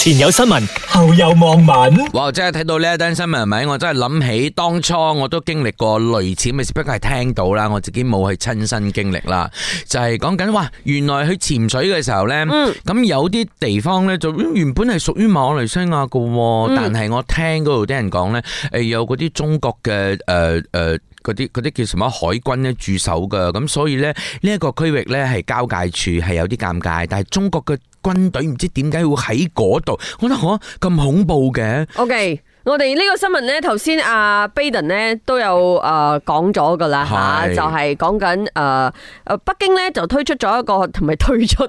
前有新聞，後有網民。哇！真係睇到呢一單新聞，係咪？我真係諗起當初我都經歷過類似嘅事，只不過係聽到啦，我自己冇去親身經歷啦。就係講緊哇，原來去潛水嘅時候咧，咁有啲地方咧就原本係屬於馬來西亞嘅，但係我聽嗰度啲人講咧，誒，有嗰啲中國嘅，誒誒。嗰啲嗰啲叫什麼海軍咧，駐守㗎。咁所以咧呢一個區域咧係交界處係有啲尷尬，但係中國嘅軍隊唔知點解會喺嗰度，我覺得我咁恐怖嘅。OK。我哋呢個新聞咧，頭先阿拜 n 咧都有誒講咗噶啦吓，就係講緊誒誒北京咧就推出咗一個同埋推出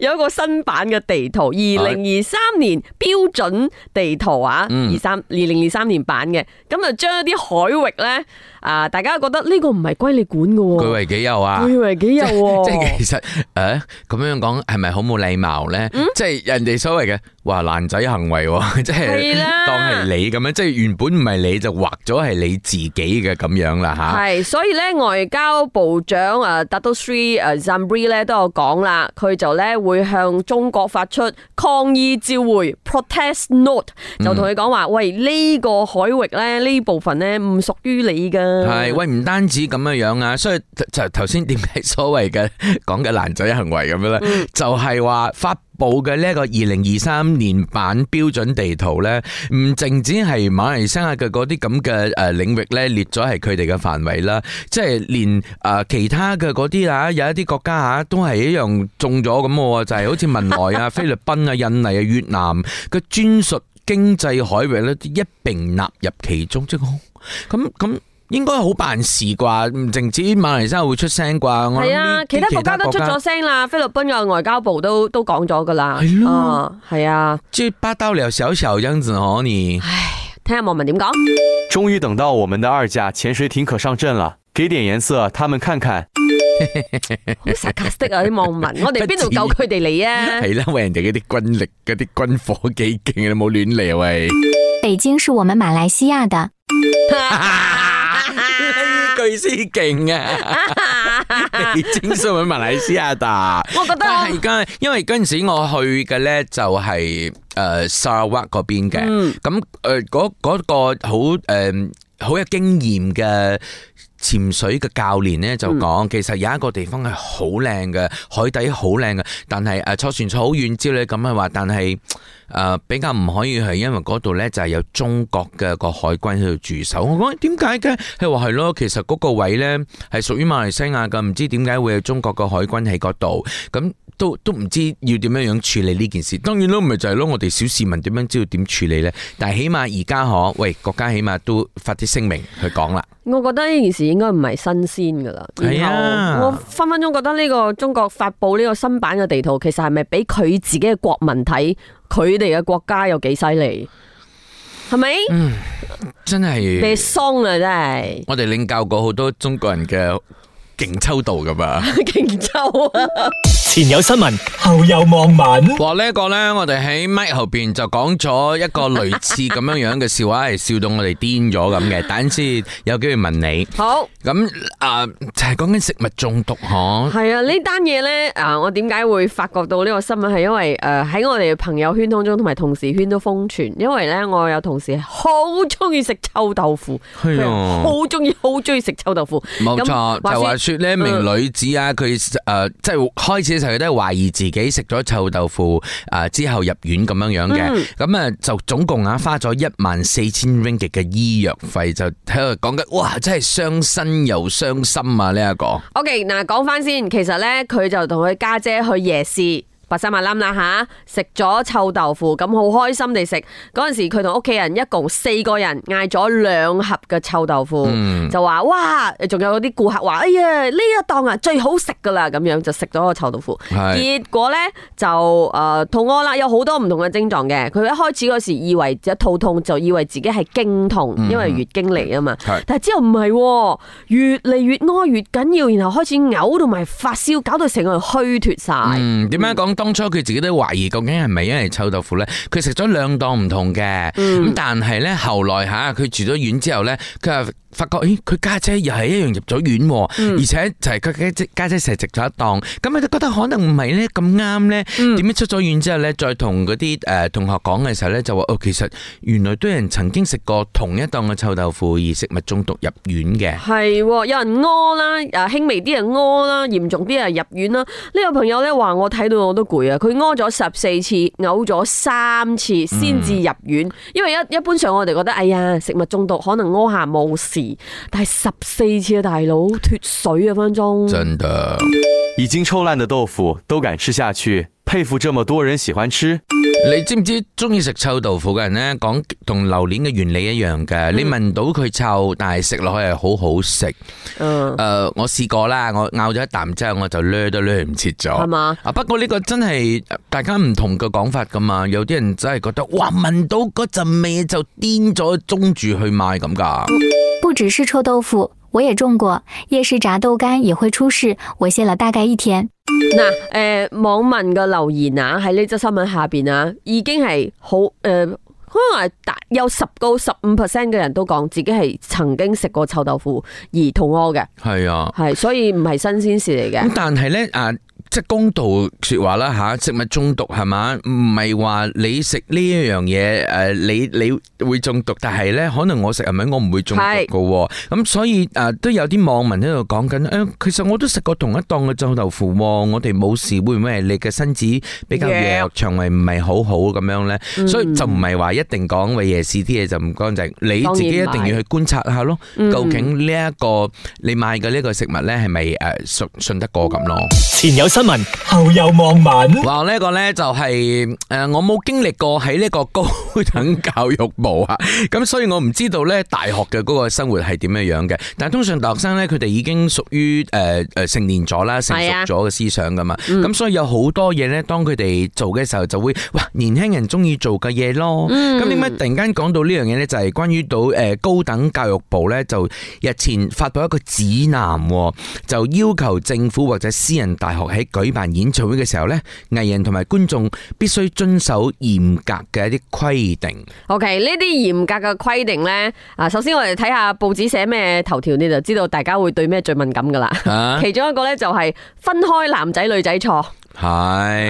有一個新版嘅地圖，二零二三年標準地圖啊，二三二零二三年版嘅，咁就將一啲海域咧啊，大家覺得呢個唔係歸你管噶，據為己有啊，據為己有啊，己有啊，即即啊是是、嗯，即係其實誒咁樣講係咪好冇禮貌咧？即係人哋所謂嘅話男仔行為，即係當係你。咁樣即係原本唔係你就畫咗係你自己嘅，咁樣啦嚇。係，所以咧外交部長啊，Dato Sri Zambry 咧都有講啦，佢就咧會向中國發出抗議照會 protest note，就同佢講話，喂呢、呢個海域咧呢部分咧唔屬於你㗎。係喂，唔單止咁樣樣啊，所以就頭先點解所謂嘅講嘅爛仔行為咁樣咧，嗯、就係話發。冇嘅呢一個二零二三年版標準地圖呢，唔淨止係馬來西亞嘅嗰啲咁嘅誒領域呢列咗係佢哋嘅範圍啦，即係連誒其他嘅嗰啲啊，有一啲國家啊，都係一樣中咗咁喎，就係好似文萊啊、菲律賓啊、印尼啊、越南嘅專屬經濟海域呢，一併納入其中，即係咁。嗯嗯應該好辦事啩，唔淨止馬來西亞會出聲啩。係啊，其他國家都出咗聲啦，菲律賓嘅外交部都都講咗噶啦。係啊，係、嗯、啊。即霸道了小小樣子哦你。唉，睇下網民點講。終於等到我們的二架潛水艇可上陣了，給點顏色他們看看。好 sarcastic 啊啲網民， 我哋邊度救佢哋嚟啊？係啦，為人哋嗰啲軍力、嗰啲軍火幾勁，你冇亂嚟啊喂。 北京是我們馬來西亞的。 呢 句詩詩勁勁啊！你精通喺馬來西亞大，但係而家因為嗰陣時我去嘅咧就係、是、誒、呃、沙巴嗰邊嘅，咁誒嗰嗰個好誒好有經驗嘅。潛水嘅教練呢，就講，其實有一個地方係好靚嘅，海底好靚嘅，但係誒坐船坐好遠之後咧咁嘅話，但係誒、呃、比較唔可以係因為嗰度呢，就係有中國嘅個海軍喺度駐守。我講點解嘅？佢話係咯，其實嗰個位呢，係屬於馬來西亞嘅，唔知點解會有中國嘅海軍喺嗰度咁。都都唔知要點樣樣處理呢件事。當然咯，咪就係咯，我哋小市民點樣知道點處理呢？但係起碼而家可喂國家起碼都發啲聲明去講啦。我覺得呢件事應該唔係新鮮噶啦。係啊，我分分鐘覺得呢個中國發佈呢個新版嘅地圖，其實係咪俾佢自己嘅國民睇佢哋嘅國家有幾犀利？係咪？嗯，真係咩桑啊！真係我哋領教過好多中國人嘅勁抽度噶嘛，勁 抽勁秋啊！ 前有新聞，後有網民。哇，呢一個咧，我哋喺麥後邊就講咗一個類似咁樣樣嘅笑話，係笑到我哋癲咗咁嘅。等先，有機會問你。好，咁啊、呃，就係講緊食物中毒嗬。係啊，呢單嘢呢，啊，我點解會發覺到呢個新聞？係因為誒喺我哋嘅朋友圈當中，同埋同事圈都瘋傳。因為呢，我有同事好中意食臭豆腐，係啊，好中意，好中意食臭豆腐。冇錯，就話說呢一名女子啊，佢、呃、誒、呃、即係開始。其都係懷疑自己食咗臭豆腐之後入院咁樣、嗯、樣嘅，咁啊就總共啊花咗一萬四千 r i n g 嘅醫藥費，就喺度講緊，哇！真係傷身又傷心啊呢一、這個。OK，嗱，講翻先，其實咧佢就同佢家姐去夜市。佛三阿林啦吓，食咗臭豆腐，咁好開心地食。嗰陣時佢同屋企人一共四個人，嗌咗兩盒嘅臭豆腐，嗯、就話哇，仲有嗰啲顧客話，哎呀呢一檔啊最好食噶啦，咁樣就食咗個臭豆腐。結果呢，就誒肚屙啦，有好多唔同嘅症狀嘅。佢一開始嗰時以為一肚痛，就以為自己係經痛，因為月經嚟啊嘛。嗯、但係之後唔係，哦，越嚟越屙越緊要，然後開始嘔，同埋發燒，搞到成個人虛脱晒。嗯，點樣講、嗯？當初佢自己都懷疑究竟係咪因為臭豆腐咧，佢食咗兩檔唔同嘅，咁、嗯、但係咧後來吓佢住咗院之後咧，佢就發覺，咦，佢家姐，姐又係一樣入咗院，嗯、而且就係佢家姐成日食咗一檔，咁佢就覺得可能唔係咧咁啱咧，點樣出咗院之後咧，嗯、再同嗰啲誒同學講嘅時候咧，就話哦，其實原來都有人曾經食過同一檔嘅臭豆腐而食物中毒入院嘅，係、哦，有人屙啦，啊輕微啲人屙啦，嚴重啲人入院啦，呢、這個朋友咧話我睇到我都。啊！佢屙咗十四次，嘔咗三次先至入院、嗯。因為一一般上我哋覺得，哎呀，食物中毒可能屙下冇事，但係十四次啊，大佬脫水啊，分分鐘。真的。已經臭爛的豆腐都敢吃下去，佩服這麼多人喜歡吃。你知唔知中意食臭豆腐嘅人呢？講同榴蓮嘅原理一樣嘅，嗯、你聞到佢臭，但係食落去係好好食。嗯、呃，誒，我試過啦，我咬咗一啖之後，我就掠都掠唔切咗。係嘛？啊，不過呢個真係大家唔同嘅講法噶嘛，有啲人真係覺得哇，聞到嗰陣味就癲咗，中住去買咁噶。不只是臭豆腐。我也種過夜市炸豆乾也會出事，我歇了大概一天。嗱、呃，誒、呃，網民嘅留言啊，喺呢則新聞下邊啊，已經係好誒，可能係有十到十五 percent 嘅人都講自己係曾經食過臭豆腐而肚屙嘅，係啊，係，所以唔係新鮮事嚟嘅。咁但係呢誒。啊即係公道說話啦吓，食物中毒係嘛？唔係話你食呢一樣嘢誒，你你會中毒，但係咧可能我食係咪我唔會中毒嘅？咁所以誒都有啲網民喺度講緊，誒其實我都食過同一檔嘅臭豆腐，我哋冇事，會唔會係你嘅身子比較弱，腸胃唔係好好咁樣咧？所以就唔係話一定講喂夜市啲嘢就唔乾淨，你自己一定要去觀察下咯，究竟呢一個你買嘅呢個食物咧係咪誒信信得過咁咯？前有新。後又望文呢一個呢就係、是、誒，我冇經歷過喺呢個高等教育部啊，咁所以我唔知道呢大學嘅嗰個生活係點樣樣嘅。但係通常大學生呢，佢哋已經屬於誒誒成年咗啦，成熟咗嘅思想噶嘛咁、啊嗯、所以有好多嘢呢，當佢哋做嘅時候，就會哇年輕人中意做嘅嘢咯。咁點解突然間講到呢樣嘢呢？就係、是、關於到誒高等教育部呢，就日前發布一個指南，就要求政府或者私人大學喺舉辦演唱會嘅時候咧，藝人同埋觀眾必須遵守嚴格嘅一啲規定。OK，呢啲嚴格嘅規定咧，啊，首先我哋睇下報紙寫咩頭條，你就知道大家會對咩最敏感噶啦。其中一個咧就係分開男仔女仔坐。係，咁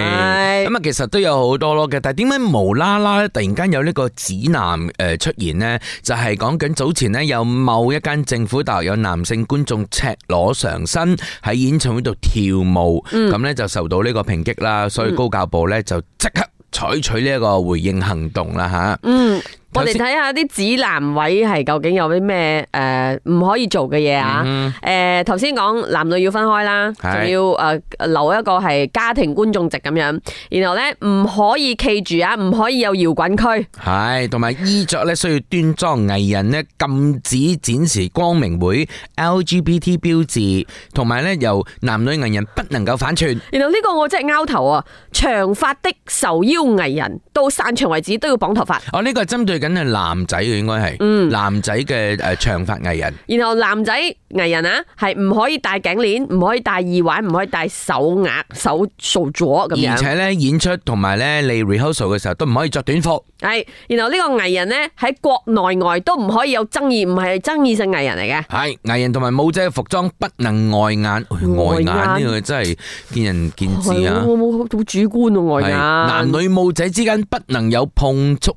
啊，其實都有好多咯嘅。但係點解無啦啦突然間有呢個指南誒出現咧？就係講緊早前咧有某一間政府大學有男性觀眾赤裸上身喺演唱會度跳舞。咁咧就受到呢個抨擊啦，所以高教部咧就即刻採取呢一個回應行動啦嚇。嗯我哋睇下啲指南位係究竟有啲咩誒唔可以做嘅嘢啊？誒、嗯，頭先講男女要分開啦，仲要誒留一個係家庭觀眾席咁樣，然後咧唔可以企住啊，唔可以有搖滾區。係，同埋衣着咧需要端莊，藝人咧禁止展示光明會 LGBT 標誌，同埋咧由男女藝人不能夠反串。然後呢個我真係撓頭啊！長髮的受邀藝人到散場為止都要綁頭髮。哦，呢、個係針對。咁係男仔嘅，應該係，男仔嘅誒長髮藝人。然後男仔藝人啊，係唔可以戴頸鏈，唔可以戴耳環，唔可以戴手鐲、手鐲咁樣。而且咧演出同埋咧嚟 rehearsal 嘅時候都唔可以着短褲。係，然後呢個藝人咧喺國內外都唔可以有爭議，唔係爭議性藝人嚟嘅。係藝人同埋舞者嘅服裝不能礙眼，礙眼呢個真係見仁見智啊！冇冇好主觀啊，礙眼。男女舞者之間不能有碰觸。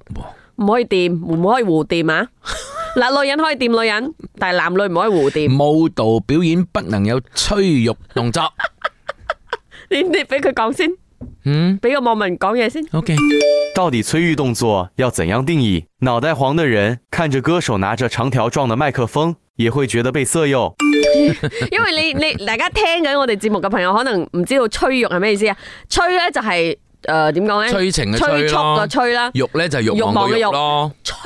唔可以掂，唔可以胡掂啊！嗱，女人可以掂女人，但係男女唔可以胡掂。 舞蹈表演不能有催欲動作。 你你俾佢講先，嗯，俾個網民講嘢先。OK，到底催欲動作要怎樣定義？腦袋黃嘅人看着歌手拿着長條狀的麥克風，也會覺得被色誘 。因為你你大家聽緊我哋節目嘅朋友，可能唔知道催欲係咩意思啊？催咧就係、是。誒、呃，點講咧？催情嘅催，催速個催啦。欲咧就欲，欲，欲，欲，望嘅欲。咯。催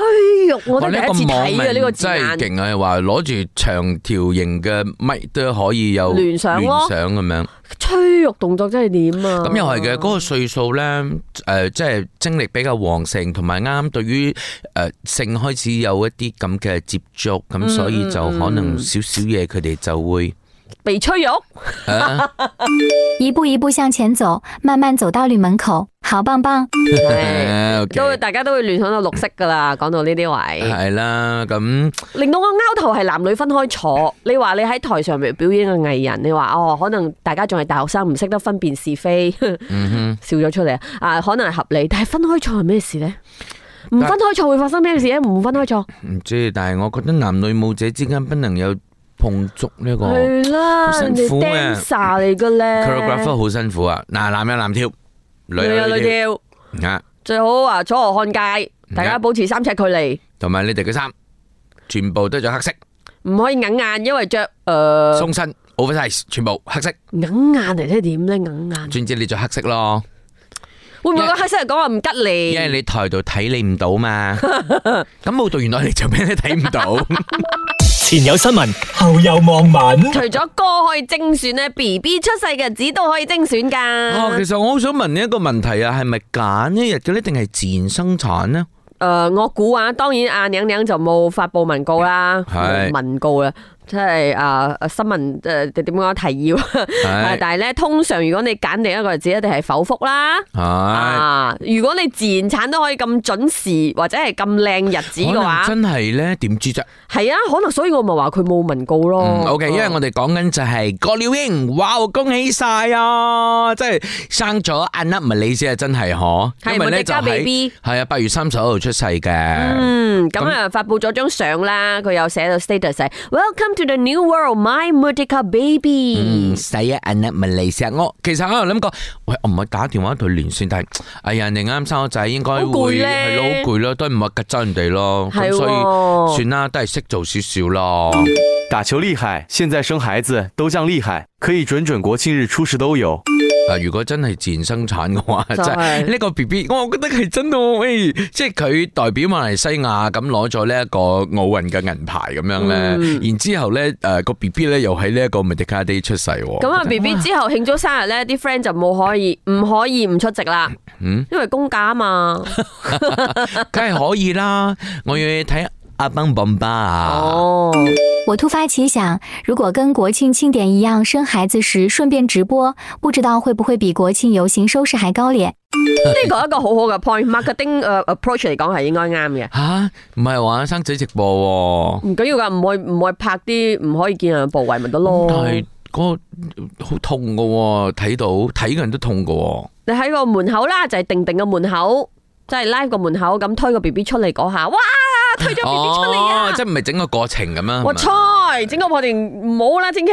欲，我都第一次睇嘅呢個字眼即係勁啊！話攞住長條形嘅咪都可以有聯想，啊，聯想咁樣。催欲動作真係點啊？咁又係嘅，嗰、那個歲數咧，誒、呃，即係精力比較旺盛，同埋啱啱對於誒、呃、性開始有一啲咁嘅接觸，咁、嗯、所以就可能少少嘢，佢哋就會。被催肉， 一步一步向前走，慢慢走到綠門口，好棒棒。都 會大家都會聯想到綠色噶啦。講到呢啲位，係啦咁。令到我拗頭係男女分開坐。 你話你喺台上面表演嘅藝人，你話哦，可能大家仲係大學生，唔識得分辨是非，笑咗出嚟啊！可能係合理，但係分開坐係咩事呢？唔分開坐會發生咩事咧？唔分開坐，唔知。但係我覺得男女舞者之間不能有。碰觸呢個，好辛苦啊！Dancer 嚟嘅！Choreographer 好辛苦啊！嗱，男有男跳，女有女跳，啊！最好楚河漢界，大家保持三尺距離。同埋你哋嘅衫，全部都着黑色，唔可以硬眼，因為着誒，鬆身，好唔好睇？全部黑色，硬眼嚟睇點咧？硬眼，總之你着黑色咯，會唔會個黑色嚟講話唔吉利？因為你台度睇你唔到嘛，咁舞蹈原來你做咩都睇唔到。前有新聞，後有網民。除咗歌可以精選咧，B B 出世嘅日子都可以精選噶。啊、哦，其實我好想問你一個問題啊，係咪揀一日嘅咧，定係自然生產呢？誒、呃，我估啊，當然阿娘娘就冇發佈文告啦，文告啦。即係啊，啊新聞誒點樣提要，但係咧通常如果你揀另一個日子，一定係否福啦。啊，如果你自然產都可以咁準時或者係咁靚日子嘅話，真係咧點知啫？係啊，可能所以我咪話佢冇文告咯。O K，因為我哋講緊就係郭廖英，哇！恭喜曬啊，即係生咗阿粒唔係李子啊，真係嗬。係咪啲加 BB？係啊，八月三十號出世嘅。嗯，咁啊發佈咗張相啦，佢又寫到 status 係 Welcome。to the new world, my mutica baby。嗯，其實我諗過，喂，我唔係打電話同佢連線。但係，哎呀，你啱生個仔，應該係攰好攰咯，都唔好激憎人哋咯。咁、哦、所以算啦，都係識做少少咯。打球厲害，現在生孩子都講厲害，可以準準國慶日出世都有。嗱，如果真係自然生產嘅話，就是，真係呢個 B B，我覺得係真嘅喎，即係佢代表馬來西亞咁攞咗呢一個奧運嘅銀牌咁樣咧，然之後咧，誒個 B B 咧又喺呢一個 Merdeka Day 出世。咁啊，B B 之後慶祝生日咧，啲，啊、friend 就冇可以，唔可以唔出席啦，嗯，因為公假啊嘛，梗 係可以啦，我要睇。阿邦邦巴，我突發奇想，如果跟國慶慶典一樣，生孩子時順便直播，不知道會不會比國慶遊行收視還高咧？呢、哎、個一個好好嘅 point，marketing approach 嚟講係應該啱嘅。吓、啊，唔係話生仔直播、啊？唔緊要噶，唔可以唔可以拍啲唔可以見人嘅部位咪得咯？但係嗰、那個好痛噶、哦，睇到睇嘅人都痛噶、哦。你喺個門口啦，就係、是、定定嘅門口，即係拉個門口咁推個 B B 出嚟嗰下，哇！推咗 B B 出嚟啊！哦，即係唔係整個過程咁啊？我猜整個過程唔好啦，千祈。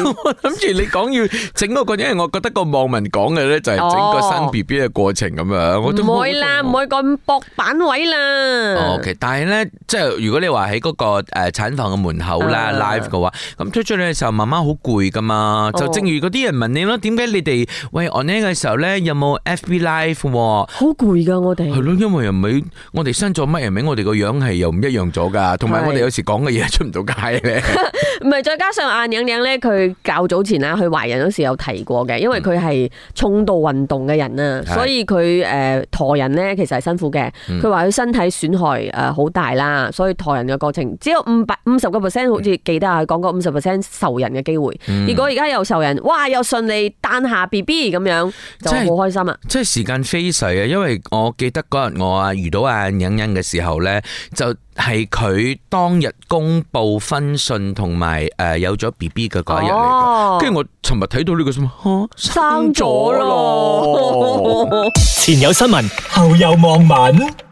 我諗住你講要整個過程，因為我覺得個網民講嘅咧就係整個生 B B 嘅過程咁樣。我都唔會啦，唔會咁薄板位啦。OK，但係咧，即係如果你話喺嗰個誒產房嘅門口咧 live 嘅話，咁推出嚟嘅時候，媽媽好攰噶嘛？就正如嗰啲人問你咯，點解你哋喂 on 呢嘅時候咧有冇 F B live？好攰噶，我哋係咯，因為又唔係，我哋生咗乜人名，我哋個樣係又。又唔一樣咗噶，同埋我哋有時講嘅嘢出唔到街咧。 唔係，再加上阿靚靚咧，佢較早前啦，佢懷孕嗰時候有提過嘅，因為佢係重度運動嘅人啊、嗯，所以佢誒陀人咧，其實係辛苦嘅。佢話佢身體損害誒好大啦，所以陀人嘅過程只有五百五十個 percent，好似記得啊，講過五十 percent 受孕嘅機會、嗯。如果而家又受孕，哇，又順利誕下 B B 咁樣，就好開心啊！即係時間飛逝啊，因為我記得嗰日我啊遇到阿靚靚嘅時候咧，就。係佢當日公布婚訊同埋誒有咗 B B 嘅嗰一日嚟嘅，跟、哦、住我尋日睇到呢個先，吓、哦、生咗咯， 前有新聞，後有網民。